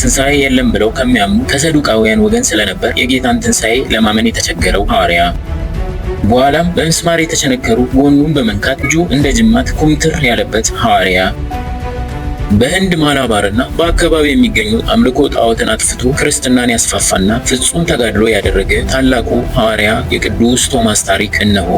ትንሣኤ የለም ብለው ከሚያምኑ ከሰዱቃውያን ወገን ስለነበር የጌታን ትንሣኤ ለማመን የተቸገረው ሐዋርያ በኋላም በምስማር የተቸነከሩ ጎኑን በመንካት እጁ እንደ ጅማት ኩምትር ያለበት ሐዋርያ በህንድ ማላባርና በአካባቢ የሚገኙ አምልኮ ጣዖትን አጥፍቶ ክርስትናን ያስፋፋና ፍጹም ተጋድሎ ያደረገ ታላቁ ሐዋርያ የቅዱስ ቶማስ ታሪክ እነሆ።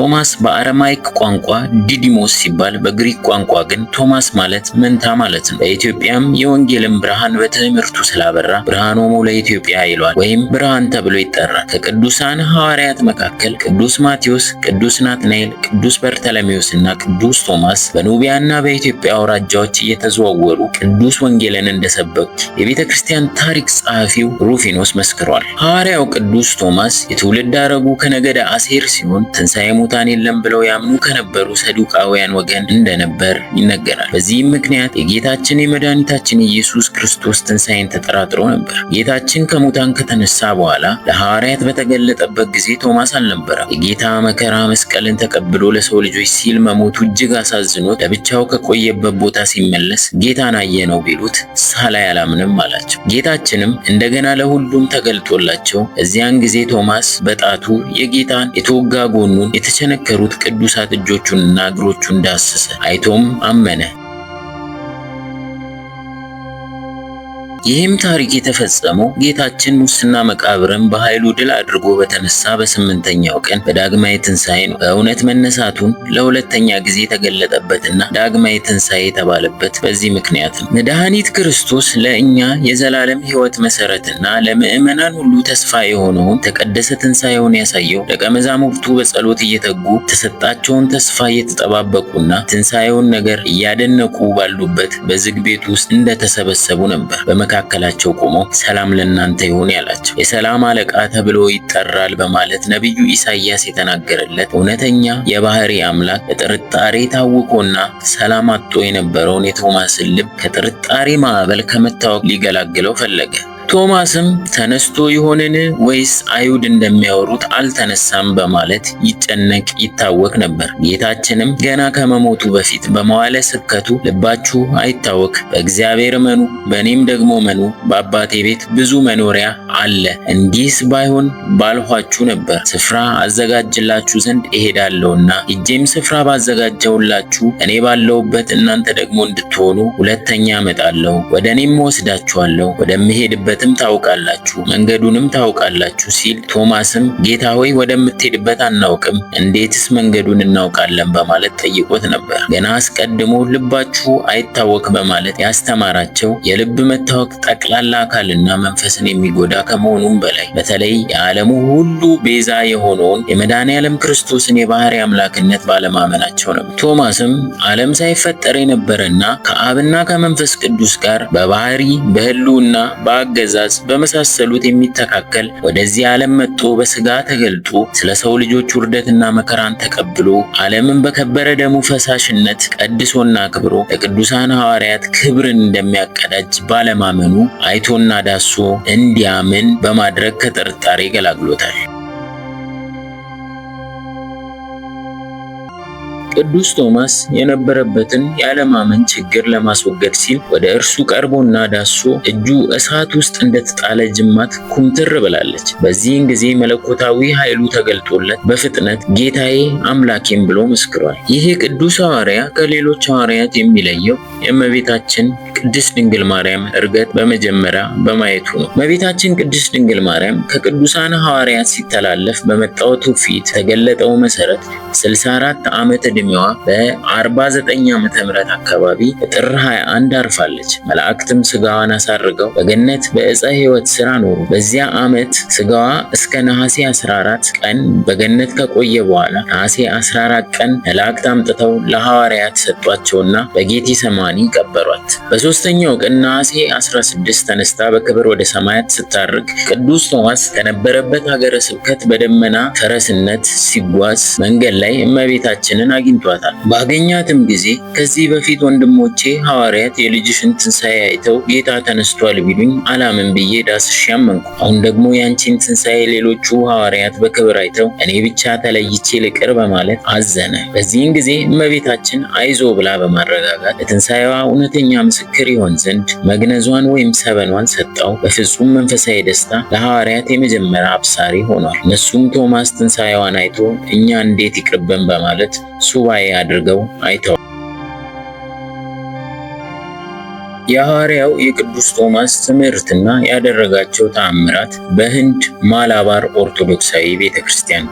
ቶማስ በአረማይክ ቋንቋ ዲዲሞስ ሲባል በግሪክ ቋንቋ ግን ቶማስ ማለት መንታ ማለት ነው። በኢትዮጵያም የወንጌልን ብርሃን በትምህርቱ ስላበራ ብርሃኖሙ ለኢትዮጵያ ይሏል ወይም ብርሃን ተብሎ ይጠራል። ከቅዱሳን ሐዋርያት መካከል ቅዱስ ማቴዎስ፣ ቅዱስ ናትናኤል፣ ቅዱስ በርተለሜዎስ እና ቅዱስ ቶማስ በኑቢያና በኢትዮጵያ አውራጃዎች እየተዘዋወሩ ቅዱስ ወንጌልን እንደሰበኩ የቤተ ክርስቲያን ታሪክ ጸሐፊው ሩፊኖስ መስክሯል። ሐዋርያው ቅዱስ ቶማስ የትውልድ አረጉ ከነገደ አሴር ሲሆን ትንሣኤ ሙታን የለም ብለው ያምኑ ከነበሩ ሰዱቃውያን ወገን እንደነበር ይነገራል። በዚህም ምክንያት የጌታችን የመድኃኒታችን ኢየሱስ ክርስቶስ ትንሣኤን ተጠራጥሮ ነበር። ጌታችን ከሙታን ከተነሳ በኋላ ለሐዋርያት በተገለጠበት ጊዜ ቶማስ አልነበረ። የጌታ መከራ መስቀልን ተቀብሎ ለሰው ልጆች ሲል መሞቱ እጅግ አሳዝኖት ለብቻው ከቆየበት ቦታ ሲመለስ ጌታን አየ ነው ቢሉት ሳላይ አላምንም አላቸው። ጌታችንም እንደገና ለሁሉም ተገልጦላቸው እዚያን ጊዜ ቶማስ በጣቱ የጌታን የተወጋ ጎኑን በተቸነከሩት ቅዱሳት እጆቹንና እግሮቹን ዳሰሰ፣ አይቶም አመነ። ይህም ታሪክ የተፈጸመው ጌታችን ሙስና መቃብርን በኃይሉ ድል አድርጎ በተነሳ በስምንተኛው ቀን በዳግማዊ ትንሣኤ ነው። በእውነት መነሳቱን ለሁለተኛ ጊዜ የተገለጠበትና ዳግማዊ ትንሣኤ የተባለበት በዚህ ምክንያት ነው። መድኃኒት ክርስቶስ ለእኛ የዘላለም ሕይወት መሠረትና ለምእመናን ሁሉ ተስፋ የሆነውን ተቀደሰ ትንሣኤውን ያሳየው ደቀ መዛሙርቱ በጸሎት እየተጉ ተሰጣቸውን ተስፋ እየተጠባበቁና ትንሣኤውን ነገር እያደነቁ ባሉበት በዝግ ቤት ውስጥ እንደተሰበሰቡ ነበር። በመካከላቸው ቆሞ ሰላም ለእናንተ ይሁን ያላቸው የሰላም አለቃ ተብሎ ይጠራል በማለት ነቢዩ ኢሳይያስ የተናገረለት እውነተኛ የባህሪ አምላክ በጥርጣሬ ታውቆና ሰላም አጥቶ የነበረውን የቶማስን ልብ ከጥርጣሬ ማዕበል ከመታወቅ ሊገላግለው ፈለገ። ቶማስም ተነስቶ ይሆንን ወይስ አይሁድ እንደሚያወሩት አልተነሳም በማለት ይጨነቅ ይታወቅ ነበር። ጌታችንም ገና ከመሞቱ በፊት በመዋለ ስብከቱ ልባችሁ አይታወክ፣ በእግዚአብሔር መኑ፣ በእኔም ደግሞ መኑ፣ በአባቴ ቤት ብዙ መኖሪያ አለ። እንዲህስ ባይሆን ባልኋችሁ ነበር። ስፍራ አዘጋጅላችሁ ዘንድ እሄዳለሁና እጄም ስፍራ ባዘጋጀውላችሁ እኔ ባለውበት እናንተ ደግሞ እንድትሆኑ ሁለተኛ እመጣለሁ፣ ወደ እኔም ወስዳችኋለሁ ወደምሄድበት መንገዱንም ታውቃላችሁ መንገዱንም ታውቃላችሁ ሲል ቶማስም ጌታ ሆይ ወደምትሄድበት አናውቅም፣ እንዴትስ መንገዱን እናውቃለን በማለት ጠይቆት ነበር። ገና አስቀድሞ ልባችሁ አይታወክ በማለት ያስተማራቸው የልብ መታወክ ጠቅላላ አካልና መንፈስን የሚጎዳ ከመሆኑም በላይ በተለይ የዓለሙ ሁሉ ቤዛ የሆነውን የመድኃኔዓለም ክርስቶስን የባህሪ አምላክነት ባለማመናቸው ነበር። ቶማስም ዓለም ሳይፈጠር የነበረና ከአብና ከመንፈስ ቅዱስ ጋር በባህሪ በህልውና በአገዛ ትእዛዝ በመሳሰሉት የሚተካከል ወደዚህ ዓለም መጥቶ በስጋ ተገልጦ ስለ ሰው ልጆች ውርደትና መከራን ተቀብሎ ዓለምን በከበረ ደሙ ፈሳሽነት ቀድሶና አክብሮ ለቅዱሳን ሐዋርያት ክብርን እንደሚያቀዳጅ ባለማመኑ አይቶና ዳሶ እንዲያምን በማድረግ ከጥርጣሬ ገላግሎታል። ቅዱስ ቶማስ የነበረበትን የአለማመን ችግር ለማስወገድ ሲል ወደ እርሱ ቀርቦና ዳሶ እጁ እሳት ውስጥ እንደተጣለ ጅማት ኩምትር ብላለች። በዚህን ጊዜ መለኮታዊ ኃይሉ ተገልጦለት በፍጥነት ጌታዬ አምላኬም ብሎ መስክሯል። ይሄ ቅዱስ ሐዋርያ ከሌሎች ሐዋርያት የሚለየው የእመቤታችን ቅድስት ድንግል ማርያም እርገት በመጀመሪያ በማየቱ ነው። እመቤታችን ቅድስት ድንግል ማርያም ከቅዱሳን ሐዋርያት ሲተላለፍ በመጣው ትውፊት ተገለጠው መሰረት 64 ዓመት እድሜዋ በ49 ዓመተ ምህረት አካባቢ ጥር 21 አርፋለች። መላእክትም ስጋዋን አሳርገው በገነት በእፀ ሕይወት ስራ ኖሩ። በዚያ ዓመት ስጋዋ እስከ ነሐሴ 14 ቀን በገነት ከቆየ በኋላ ነሐሴ 14 ቀን መላእክት አምጥተው ለሐዋርያት ሰጧቸውና በጌቴ ሰማኒ ቀበሯት። በሦስተኛው ቀን ነሐሴ 16 ተነስታ በክብር ወደ ሰማያት ስታርግ ቅዱስ ቶማስ ከነበረበት ሀገረ ስብከት በደመና ፈረስነት ሲጓዝ መንገድ ላይ እመቤታችንን አግኝ አግኝቷታል። ባገኛትም ጊዜ ከዚህ በፊት ወንድሞቼ ሐዋርያት የልጅሽን ትንሣኤ አይተው ጌታ ተነስቷል ቢሉኝ አላምን ብዬ ዳስሽ ያመንኩ። አሁን ደግሞ ያንቺን ትንሣኤ ሌሎቹ ሐዋርያት በክብር አይተው እኔ ብቻ ተለይቼ ልቅር በማለት አዘነ። በዚህን ጊዜ እመቤታችን አይዞ ብላ በማረጋጋት ለትንሣኤዋ እውነተኛ ምስክር ይሆን ዘንድ መግነዟን ወይም ሰበኗን ሰጠው። በፍጹም መንፈሳዊ ደስታ ለሐዋርያት የመጀመሪያ አብሳሪ ሆኗል። እነሱም ቶማስ ትንሣኤዋን አይቶ እኛ እንዴት ይቅርብን በማለት ሱባኤ አድርገው አይተዋል። የሐዋርያው የቅዱስ ቶማስ ትምህርትና ያደረጋቸው ተአምራት በህንድ ማላባር ኦርቶዶክሳዊ ቤተክርስቲያን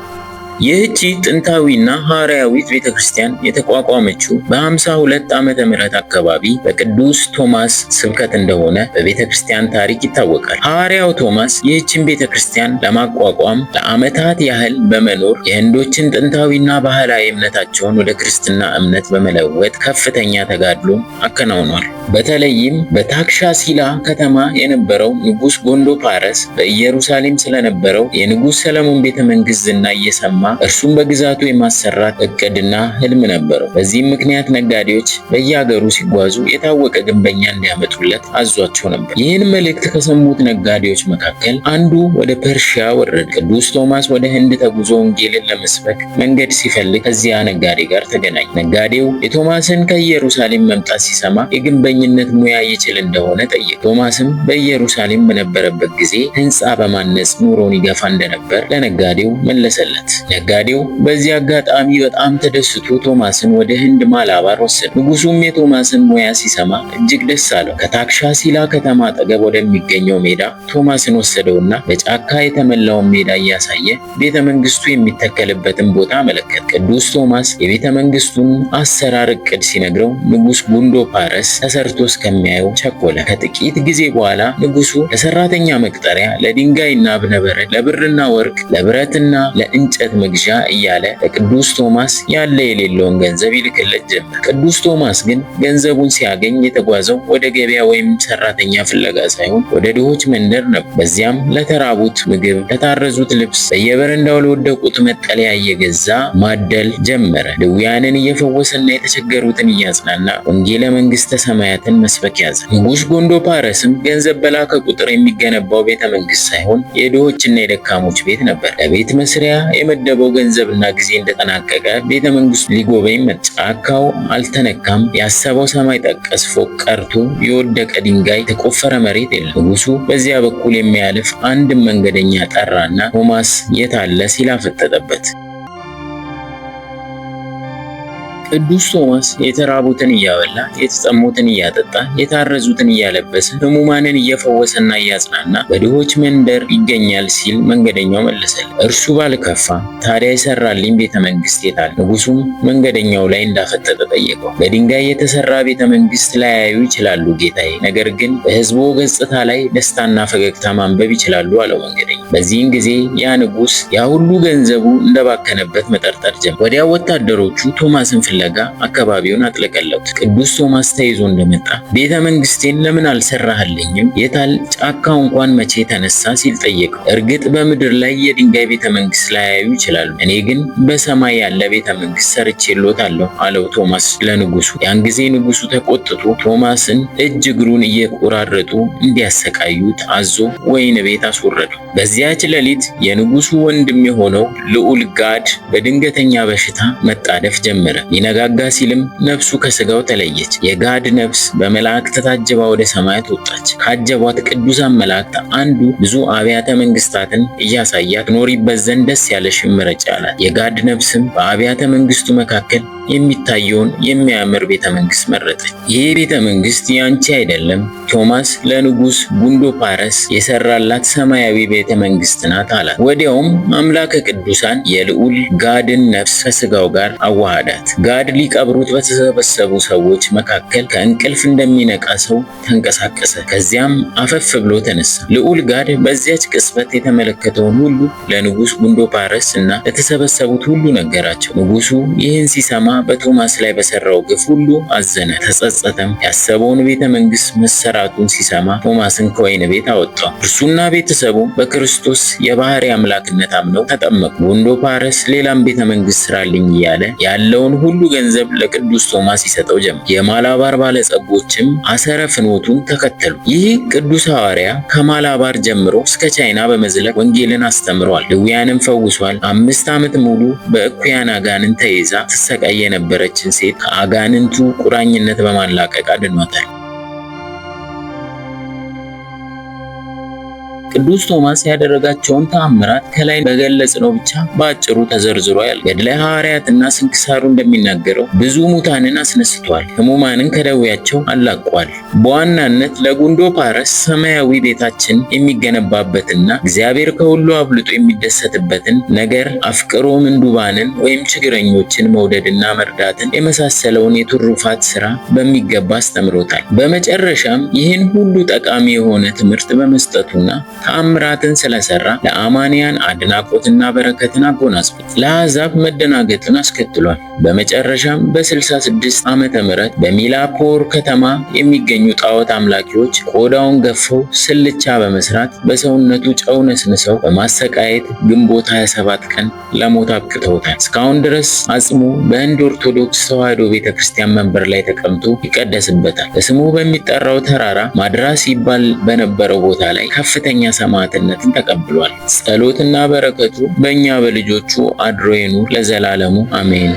ይህቺ ጥንታዊና ሐዋርያዊት ቤተ ክርስቲያን የተቋቋመችው በ52 ዓመተ ምህረት አካባቢ በቅዱስ ቶማስ ስብከት እንደሆነ በቤተ ክርስቲያን ታሪክ ይታወቃል። ሐዋርያው ቶማስ ይህችን ቤተ ክርስቲያን ለማቋቋም ለዓመታት ያህል በመኖር የህንዶችን ጥንታዊና ባህላዊ እምነታቸውን ወደ ክርስትና እምነት በመለወጥ ከፍተኛ ተጋድሎ አከናውኗል። በተለይም በታክሻሲላ ከተማ የነበረው ንጉሥ ጎንዶፓረስ በኢየሩሳሌም ስለነበረው የንጉሥ ሰለሞን ቤተ መንግሥት ዝና እየሰማ እርሱም በግዛቱ የማሰራት እቅድና ህልም ነበረው። በዚህም ምክንያት ነጋዴዎች በየሀገሩ ሲጓዙ የታወቀ ግንበኛ እንዲያመጡለት አዟቸው ነበር። ይህን መልእክት ከሰሙት ነጋዴዎች መካከል አንዱ ወደ ፐርሺያ ወረደ። ቅዱስ ቶማስ ወደ ህንድ ተጉዞ ወንጌልን ለመስበክ መንገድ ሲፈልግ ከዚያ ነጋዴ ጋር ተገናኘ። ነጋዴው የቶማስን ከኢየሩሳሌም መምጣት ሲሰማ የግንበኝነት ሙያ ይችል እንደሆነ ጠየቀ። ቶማስም በኢየሩሳሌም በነበረበት ጊዜ ህንፃ በማነጽ ኑሮን ይገፋ እንደነበር ለነጋዴው መለሰለት። ነጋዴው በዚህ አጋጣሚ በጣም ተደስቶ ቶማስን ወደ ህንድ ማላባር ወሰደ። ንጉሱም የቶማስን ሙያ ሲሰማ እጅግ ደስ አለው። ከታክሻ ሲላ ከተማ አጠገብ ወደሚገኘው ሜዳ ቶማስን ወሰደውና በጫካ የተመላውን ሜዳ እያሳየ ቤተ መንግስቱ የሚተከልበትን ቦታ አመለከተ። ቅዱስ ቶማስ የቤተ መንግስቱን አሰራር እቅድ ሲነግረው ንጉስ ጉንዶ ፓረስ ተሰርቶ እስከሚያየው ቸኮለ። ከጥቂት ጊዜ በኋላ ንጉሱ ለሰራተኛ መቅጠሪያ፣ ለድንጋይና እብነበረድ፣ ለብርና ወርቅ፣ ለብረትና ለእንጨት መግዣ እያለ ለቅዱስ ቶማስ ያለ የሌለውን ገንዘብ ይልክለት ጀመር። ቅዱስ ቶማስ ግን ገንዘቡን ሲያገኝ የተጓዘው ወደ ገበያ ወይም ሰራተኛ ፍለጋ ሳይሆን ወደ ድሆች መንደር ነበር። በዚያም ለተራቡት ምግብ፣ ለታረዙት ልብስ፣ በየበረንዳው ለወደቁት መጠለያ እየገዛ ማደል ጀመረ። ድውያንን እየፈወሰና የተቸገሩትን እያጽናና ወንጌለ መንግስተ ሰማያትን መስበክ ያዘ። ጎንዶ ጎንዶፓረስም ገንዘብ በላከ ቁጥር የሚገነባው ቤተ መንግስት ሳይሆን የድሆችና የደካሞች ቤት ነበር። ለቤት መስሪያ የመደ የተመደበው ገንዘብና ጊዜ እንደጠናቀቀ ቤተ መንግስቱ ሊጎበኝ መጣ። ጫካው አልተነካም። ያሰበው ሰማይ ጠቀስ ፎቅ ቀርቶ የወደቀ ድንጋይ የተቆፈረ መሬት የለም። ንጉሱ በዚያ በኩል የሚያልፍ አንድም መንገደኛ ጠራና ቶማስ የታለ ሲል አፈጠጠበት። ቅዱስ ቶማስ የተራቡትን እያበላ የተጠሙትን እያጠጣ የታረዙትን እያለበሰ ህሙማንን እየፈወሰና እያጽናና በድሆች መንደር ይገኛል ሲል መንገደኛው መለሰለት። እርሱ ባልከፋ ታዲያ የሰራልኝ ቤተ መንግስት የታል? ንጉሱም መንገደኛው ላይ እንዳፈጠጠ ጠየቀው። በድንጋይ የተሰራ ቤተ መንግስት ላያዩ ይችላሉ ጌታዬ፣ ነገር ግን በህዝቦ ገጽታ ላይ ደስታና ፈገግታ ማንበብ ይችላሉ አለው መንገደኛ። በዚህን ጊዜ ያ ንጉስ ያ ሁሉ ገንዘቡ እንደባከነበት መጠርጠር ጀመረ። ወዲያ ወታደሮቹ ቶማስን ፍለ ፍለጋ አካባቢውን አጥለቀለቁት። ቅዱስ ቶማስ ተይዞ እንደመጣ ቤተ መንግስቴን ለምን አልሰራህልኝም? የታል ጫካው እንኳን መቼ ተነሳ? ሲል ጠየቀው። እርግጥ በምድር ላይ የድንጋይ ቤተ መንግስት ላያዩ ይችላሉ፣ እኔ ግን በሰማይ ያለ ቤተ መንግስት ሰርቼሎታለሁ አለው ቶማስ ለንጉሱ። ያን ጊዜ ንጉሱ ተቆጥቶ ቶማስን እጅ እግሩን እየቆራረጡ እንዲያሰቃዩት አዞ ወይን ቤት አስወረዱ። በዚያች ሌሊት የንጉሱ ወንድም የሆነው ልዑል ጋድ በድንገተኛ በሽታ መጣደፍ ጀመረ። ሊነጋጋ ሲልም ነፍሱ ከስጋው ተለየች። የጋድ ነፍስ በመላእክት ታጅባ ወደ ሰማያት ወጣች። ካጀቧት ቅዱሳን መላእክት አንዱ ብዙ አብያተ መንግስታትን እያሳያት ኖሪበት ዘንድ ደስ ያለ ምረጪ አላት። የጋድ ነፍስም በአብያተ መንግስቱ መካከል የሚታየውን የሚያምር ቤተ መንግስት መረጠች። ይህ ቤተ መንግስት ያንቺ አይደለም፣ ቶማስ ለንጉስ ጉንዶፓረስ የሰራላት ሰማያዊ ቤተ መንግስት ናት አላት። ወዲያውም አምላከ ቅዱሳን የልዑል ጋድን ነፍስ ከስጋው ጋር አዋሃዳት። ጋድ ሊቀብሩት በተሰበሰቡ ሰዎች መካከል ከእንቅልፍ እንደሚነቃ ሰው ተንቀሳቀሰ። ከዚያም አፈፍ ብሎ ተነሳ። ልዑል ጋድ በዚያች ቅጽበት የተመለከተውን ሁሉ ለንጉሥ ጉንዶፓረስ እና ለተሰበሰቡት ሁሉ ነገራቸው። ንጉሱ ይህን ሲሰማ በቶማስ ላይ በሰራው ግፍ ሁሉ አዘነ፣ ተጸጸተም። ያሰበውን ቤተ መንግስት መሰራቱን ሲሰማ ቶማስን ከወይን ቤት አወጣው። እርሱና ቤተሰቡ በክርስቶስ የባህሪ አምላክነት አምነው ተጠመቁ። ጉንዶፓረስ ሌላም ቤተ መንግስት ስራልኝ እያለ ያለውን ሁሉ ገንዘብ ለቅዱስ ቶማስ ይሰጠው ጀመር። የማላባር ባለጸጎችም አሰረ ፍኖቱን ተከተሉ። ይህ ቅዱስ ሐዋርያ ከማላባር ጀምሮ እስከ ቻይና በመዝለቅ ወንጌልን አስተምሯል፣ ድውያንም ፈውሷል። አምስት ዓመት ሙሉ በእኩያን አጋንንት ተይዛ ትሰቃይ የነበረችን ሴት ከአጋንንቱ ቁራኝነት በማላቀቅ አድኗታል። ቅዱስ ቶማስ ያደረጋቸውን ተአምራት ከላይ በገለጽ ነው ብቻ በአጭሩ ተዘርዝሮ ያል ገድለ ሐዋርያትና ስንክሳሩ እንደሚናገረው ብዙ ሙታንን አስነስተዋል፣ ህሙማንን ከደዌያቸው አላቋል። በዋናነት ለጉንዶ ፓረስ ሰማያዊ ቤታችን የሚገነባበትና እግዚአብሔር ከሁሉ አብልጦ የሚደሰትበትን ነገር አፍቅሮ ምንዱባንን ወይም ችግረኞችን መውደድና መርዳትን የመሳሰለውን የትሩፋት ስራ በሚገባ አስተምሮታል። በመጨረሻም ይህን ሁሉ ጠቃሚ የሆነ ትምህርት በመስጠቱና ተአምራትን ስለሰራ ለአማንያን አድናቆትና በረከትን አጎናጽፏል፣ ለአሕዛብ መደናገጥን አስከትሏል። በመጨረሻም በ66 ዓመተ ምህረት በሚላፖር ከተማ የሚገኙ ጣዖት አምላኪዎች ቆዳውን ገፈው ስልቻ በመስራት በሰውነቱ ጨው ነስንሰው በማሰቃየት ግንቦት 27 ቀን ለሞት አብቅተውታል። እስካሁን ድረስ አጽሙ በህንድ ኦርቶዶክስ ተዋህዶ ቤተ ክርስቲያን መንበር ላይ ተቀምጦ ይቀደስበታል። በስሙ በሚጠራው ተራራ ማድራስ ይባል በነበረው ቦታ ላይ ከፍተኛ ሰማዕትነትን ተቀብሏል። ጸሎትና በረከቱ በእኛ በልጆቹ አድሮ ይኑር ለዘላለሙ አሜን።